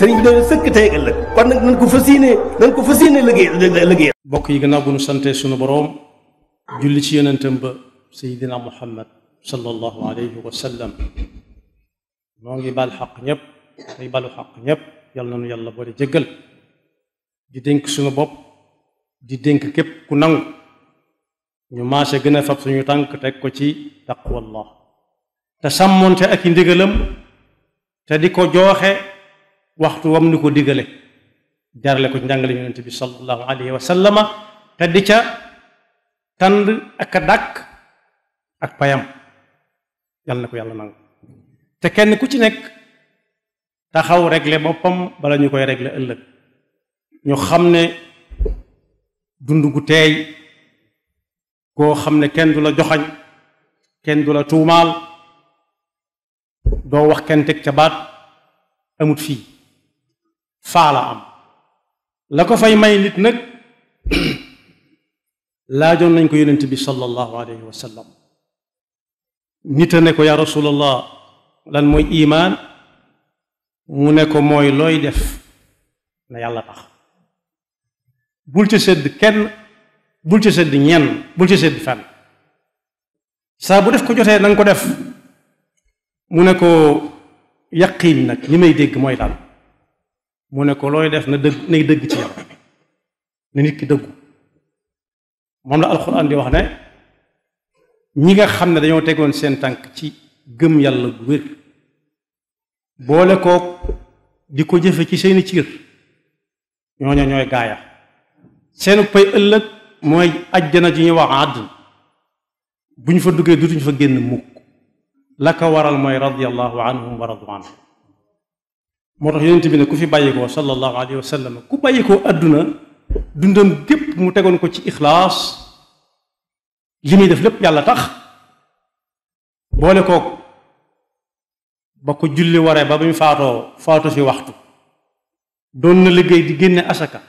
sëriñ bi dana sëkk tey ëllëg kon nag nañ ko fas yéene nañ ko fas bokk yi gën bu ñu sante suñu boroom julli ci yonentam ba seydina muhammad sallallahu alayhi wa sallam noo ngi bal xaq ñëpp tey balu xaq ñëpp yal na nu yàlla boole jéggal di dénk sunu bopp di dénk képp ku nangu ñu maase gën a fab suñu tànk teg ko ci taqwallah te sàmmoonte ak i ndigalam te di ko jooxe waxtu wam ni ko digale jaarale ko ci njàngale yonent bi sallallahu alayhi wa sallama te di ca tànd ak a ak payam yàlla na ko yàlla nangu te kenn ku ci nekk taxaw réglé boppam bala ñu koy réglé ëllëg ñu xam ne dund gu teey koo xam ne kenn du la joxañ kenn du la tuumaal doo wax kenn teg ca baat amut fii faala am la ko fay may nit nag laajoon nañ ko yonent bi sallallahu alayhi wa sallam nit a ne ko yaa rasulallah lan mooy imaan mu ne ko mooy looy def na yàlla tax bul ci sedd kenn bul ci sedd ñenn bul ci sedd fenn saa bu def ko jotee na ko def mu ne ko yaqiin nag li may dégg mooy daal mu ne ko looy def na dëgg nay dëgg ci yow na nit ki dëggu moom la alxuraan di wax ne ñi nga xam ne dañoo tegoon seen tànk ci gëm yàlla gu wér boole kook di ko jëfe ci seeni ciir ñooñu ñooy gaaya seen pay ëllëg mooy ajjana ji ñuy wax àdd bu ñu fa duggee dutuñu fa génn mukk la ko waral mooy radiyallahu anhum wa radu anhum moo tax yonent bi ne ku fi bàyyikoo sallallahu alayhi wa sallam ku bàyyikoo àdduna dundam gépp mu tegoon ko ci ixlaas li muy def lépp yàlla tax boole kook ba ko julli waree ba mu faatoo faatu fi waxtu doon na liggéey di génne asaka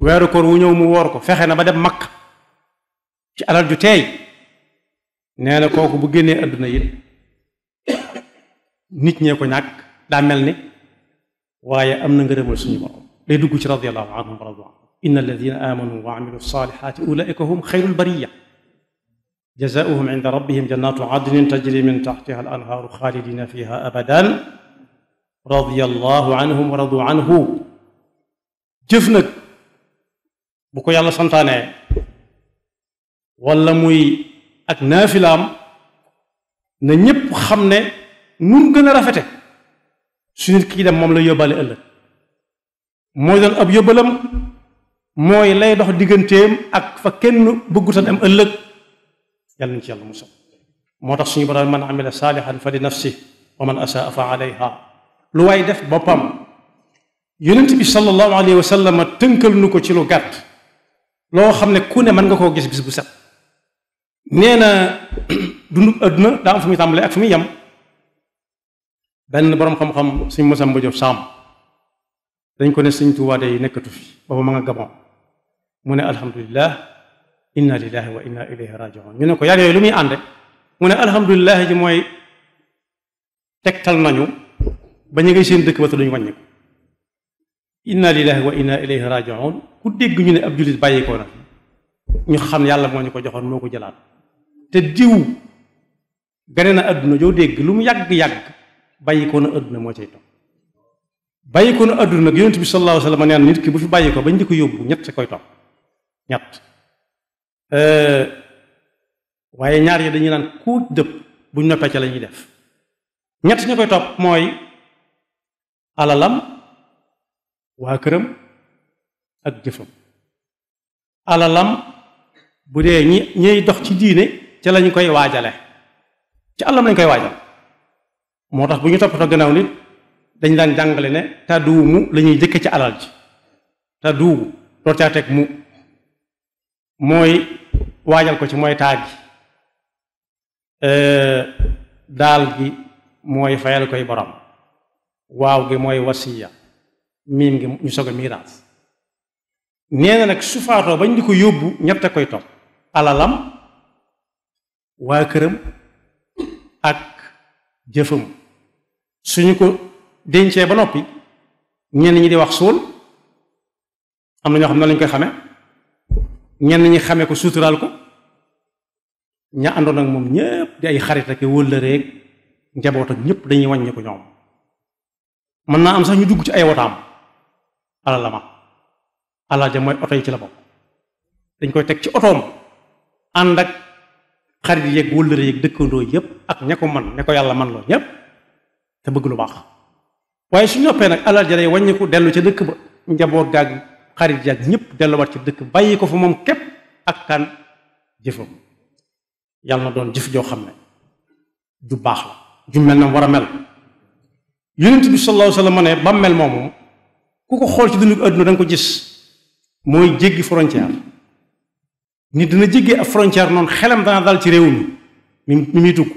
weeru koor wu ñëw mu woor ko fexe na ba dem makk ci alal ju teey nee na kooku bu génnee àdduna yi nit ñee ko ñàkk daa mel ni waaye am na ngërëmal suñu borom day dugg ci radiallahu anhum wa radu anhum inna alladina amanu wa amilu salihati ulaika hum xayrul bariya jazaauhum inda rabbihim jannatu adnin tajri min taxtiha al anhaaru xaalidina fiha abadan radiallahu anhum wa radu anhu jëf nag bu ko yàlla santaanee wala muy ak naafilaam na ñépp xam ne nun gën a rafete su nit kii dem moom la yóbbaale ëllëg mooy doon ab yóbbalam mooy lay dox digganteem ak fa kenn bëggutan am ëllëg yàlla nañ ci yàlla musal moo tax suñu borom man amila saalihan fa li nafsi wa man asaa fa lu waay def boppam yonent bi sallallahu alayhi wa tënkal nu ko ci lu gàtt loo xam ne ku ne mën nga koo gis bis bu set nee na dundub adduna daa am fu muy tàmbalee ak fu muy yem benn boroom xam-xam suñ Masamba Jóob Saam dañ ko ne suñ Tuubaa yi nekkatu fi booba ma nga gamoon mu ne alhamdulilah inna lillahi wa inna ilayhi rajiun ñu ne ko yaar yooyu lu muy ànde mu ne alhamdulilah ji mooy tegtal nañu ba ñu ngi seen dëkk ba te duñu wàññi ko inna lillahi wa inna ilayhi rajiun ku dégg ñu ne ab jullit bàyyi ko ñu xam yàlla moo ñu ko joxoon moo ko jëlaat te diw gane na àdduna joo dégg lu mu yàgg-yàgg bàyyi ko na àdduna moo cay topp bàyyi ko na àdduna nag bi sallallahu alayhi wa sallam neen nit ki bu fi bàyyi ko bañ di ko yóbbu ñett ci koy topp ñett euh, waaye ñaar yi dañuy naan kuut dëpp buñ noppee ca la def ñett ña koy topp mooy alalam waa këram ak jëfam alalam bu dee ñi ñiy dox ci diine ca lañ koy waajale ci alalam lañ koy waajal moo tax bu ñu toppatoo gannaaw nit dañ daan jàngale ne tàdduwu mu lañuy ñuy ci alal ji tàdduwu door caa teg mu mooy waajal ko ci mooy taag gi euh, daal gi mooy fayal koy borom waaw gi mooy wasiya miim gi ñu soog a nee na nag su faatoo bañ di ko yóbbu ñett koy topp alalam waa këram ak jëfam suñu ko dencee ba noppi ñenn ñi di wax suul am na ñoo xam ne lañ koy xame ñenn ñi xamee ko suuturaal ko ña àndoon nag moom ñépp di ay xarit ak wëllëreeg njaboot ak dañuy wàññi ñoom mën naa am sax dugg ci ay wotaam alal la ma alal ja mooy oto yi ci la bokk dañ koy teg ci otoom ànd ak xarit yeeg wëllëreeg dëkkandoo yépp ak ña ko man ne ko yàlla man loo ñépp te bëgg lu baax waaye su noppee nag alal jaday wàññiku dellu ca dëkk ba njaboot gaag xarit jaag ñëpp delluwaat ca dëkk bàyyi ko fa moom képp ak kan jëfam yàlla na doon jëf joo xam ne ju baax la ju mel na war a mel yonent bi sallallahu alayhi wa sallam ne bàmmeel moomu ku ko xool ci dundu àdduna da nga ko gis mooy jéggi frontière nit dina jéggee ab frontière noonu xelam dana dal ci réew mi mi muy dugg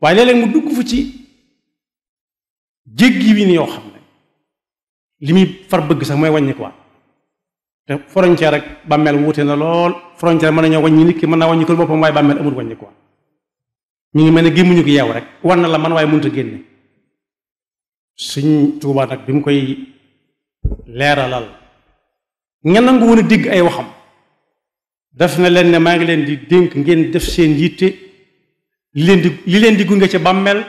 waaye léeg mu dugg fu ci jéggi wi ni yoo xam ne li muy far bëgg sax mooy wàññi quoi te frontière rek bàmmeel wuute na lool frontière mën na wàññi nit ki mën naa wàññi ko boppam waaye bàmmeel amul wàññi quoi ngi mel ne gémmuñu ko yeew rek war na la man waaye mënut a génne suñ tuubaa nag bi mu koy leeralal nga nangu woon a dégg ay waxam def na leen ne maa ngi leen di dénk ngeen def seen yitte li leen di li leen di gunge ca bàmmeel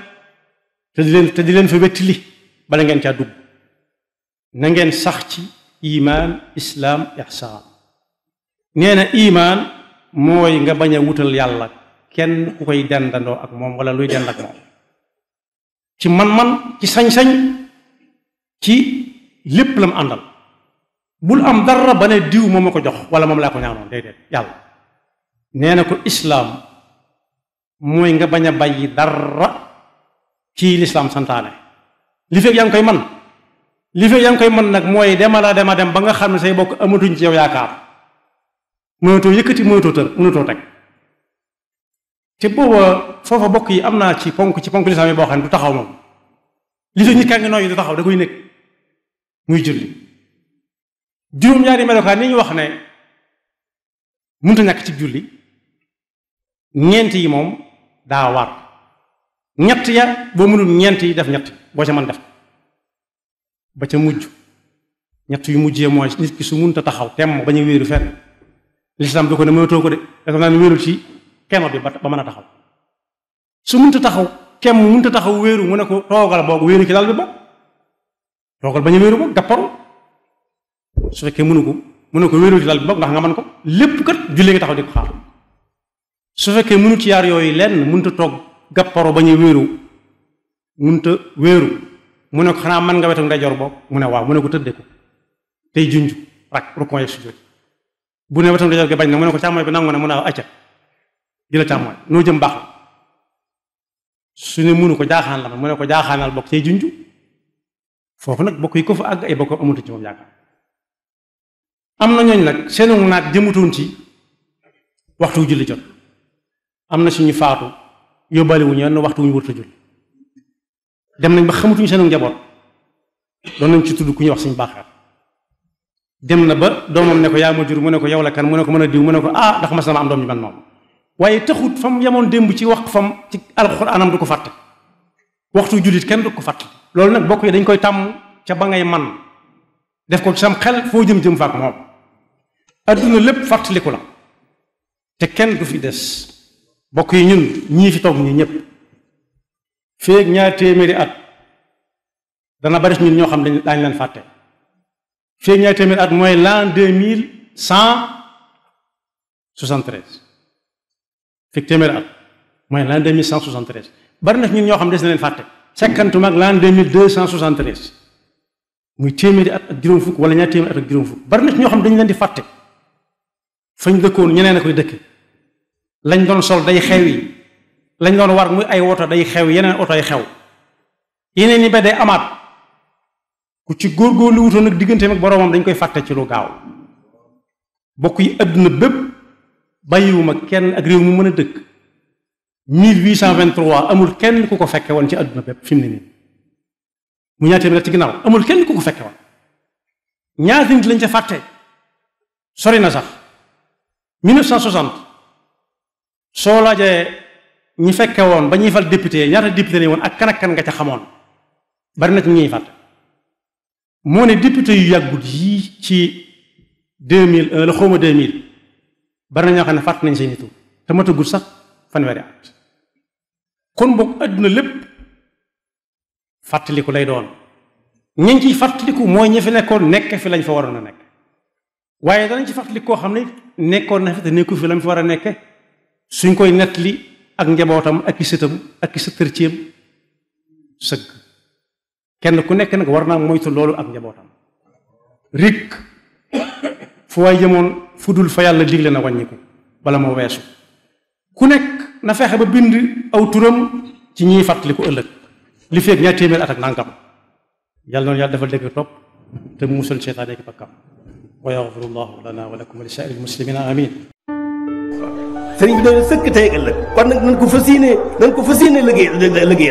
te di leen te di leen fa wettili bala ngeen caa dugg na ngeen sax ci iimaan islaam ihsaan nee iimaan imaan mooy nga bañ a wutal yàlla kenn ku koy dendandoo ak moom wala luy dend ak moom ci man-man ci sañ-sañ ci lépp la mu àndal bul am dara ba ne diw moom ma ko jox wala moom laa ko ñaanoon déedéet yàlla nee ko islaam mooy nga bañ a bàyyi dara ci lislaam santaane li fekk yaa ngi koy man li fekk yaa ngi koy man nag mooy demala dema dem ba nga xam ne say bokk amatuñ ci yow yaakaar mënatoo yëkkati mënatoo tër mënatoo teg te booba foofa bokk yi am naa ci ponk ci ponk lislaam yi boo xam ne du taxaw moom li fekk nit kaa ngi nooy du taxaw da koy nekk muy julli juróom-ñaari melokaan ni ñu wax ne mënta ñàkk ci julli ñeent yi moom daa war ñett yar boo mënul ñeent yi def ñett boo ca man def ba ca mujj ñett yu mujjee mooy nit ki su mënta taxaw temm ba ñu wéeru fenn lislaam du ko ne mënatoo ko de dafa naan wéerul ci kenn bi ba mën a taxaw su mënta taxaw temm mënta taxaw wéeru mu ne ko toogal boog wéeru ci dal bi boog toogal ba ñu wéeru boog gàpparu su ko mu ne ko wéerul ci bi boog ndax nga mën ko lépp kat julli nga taxaw di ko xaar su fekkee mënu ci yaar yooyu lenn mënta toog gapparo ba ñu wéeru munta wéeru mu ne ko xanaa man nga wetu ndeyjoor boobu mu ne waaw mu ko tëddee ko tey junj rak rukon yeeg sujjóot bu ne wetu ndeyjoor ne ko càmmooñ bi nangu na mu ne acca di la noo jëm baax la su ne munu ko jaaxaan mu ne ko jaaxaanal bokk tey junj foofu nag bokk yi ko fa àgg ay bokk amatu ci moom yaakaar am na ñooñ nag seenu naat jëmutoon ci waxtu julli jot am na suñu faatu yóbbaale wu ñu waxtu wu ñu warut a julli dem nañ ba xamatuñu seen njaboot doon nañ ci tudd ku ñuy wax suñu baaxaar dem na ba doomam ne ko yaa ma jur mu ne ko yow la kan mu ne ko mën a diw mu ne ko ah ndax mas na ma am doom ñu man moom waaye taxut fam yamoon démb ci wax fam du ko fàtte waxtu jullit kenn du ko fàtte loolu nag bokk yi dañ koy tàmm ca ba ngay man def ko ci sam xel foo jëm jëm faak moom adduna lépp ko la te kenn du fi des bokk yi ñun ñii fi toog ñi ñëpp feeg ñaar téeméeri at dana bari ñun ñoo xam ne daañu leen fàtte feeg ñaar téeméeri at mooy l'an deux mille cent soixante treize feeg téeméeri at mooy l'an deux mille cent soixante bari na ñun ñoo xam ne des na leen fàtte cinquante ak l'an deux mille deux cent soixante muy téeméeri at ak juróom fukk wala ñaar téeméeri at ak juróom fukk bari na ñoo xam dañu leen di fàtte fañ dëkkoon ñeneen a koy dëkk lañ doon sol day xew yi lañ doon war muy ay woto day xew yeneen oto ay xew yeneen yi ba day amaat ku ci góorgóorlu wutoon ak digganteem ak boroomam dañ koy fàtte ci lu gaaw yi àdduna bépp bàyyiwuma kenn ak réew mu mën a dëkk 1823 amul kenn ku ko fekke woon ci àdduna bépp fi mu ne nii mu ñaatee mi ci ginnaaw amul kenn ku ko fekke woon ñaata nit lañ ca fàtte sori na sax 1960 soo laajee ñi fekke woon ba ñuy fal député ñaata député lañ woon ak kan nga ca xamoon bari na ci ñuy fat moo ne député yu yàggut yii ci deux mille la xawma deux mille bari na ñoo xam ne fàtt nañ seen nitu te matagul sax fanweeri at kon boog àdduna lépp fàttaliku lay doon ñi ciy fàttaliku mooy ñi fi nekkoon nekk fi lañ fa waroon a nekk waaye danañ ci fàttaliku koo xam ne nekkoon na fi te nekku fi lañu fa war a nekke suñ koy li ak njabootam ak i sëtam ak i sa tërcéem sëgg kenn ku nekk nag war naa moytu loolu ak njabootam rik fu waay jëmoon fu dul fa yàlla digle na wàññiku bala moo weesu ku nekk na fexe ba bind aw turam ci ñiy fàttaliku ëllëg li feeg ñaar téeméer at ak nangam yàlla noonu yàlla dafa dégg topp te musal seytaane ak bakkam wa yaxfirullahu lana wa lakum wa li saa'iril muslimina amin sëriñ bi daal sëkk tey ak ëllëg kon nag nañ ko fas yéene nañ ko fas yéene liggéey liggéey